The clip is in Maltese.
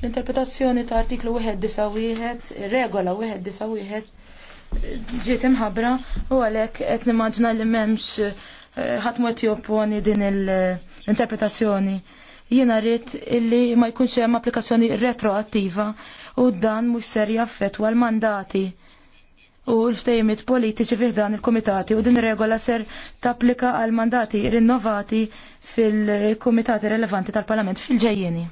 L-interpretazzjoni ta' artiklu 191, regola 191 ġiet imħabbra u għalhekk qed nimmaġna li m'hemmx eh, ħadd mod jopponi din l-interpretazzjoni. Jiena rrit illi ma jkunx hemm applikazzjoni retroattiva u dan mhux ser jaffettwa l-mandati u l-ftejmit politiċi fih dan il-komitati u din regola ser tapplika għal mandati rinnovati fil-komitati relevanti tal-Parlament fil-ġejjeni.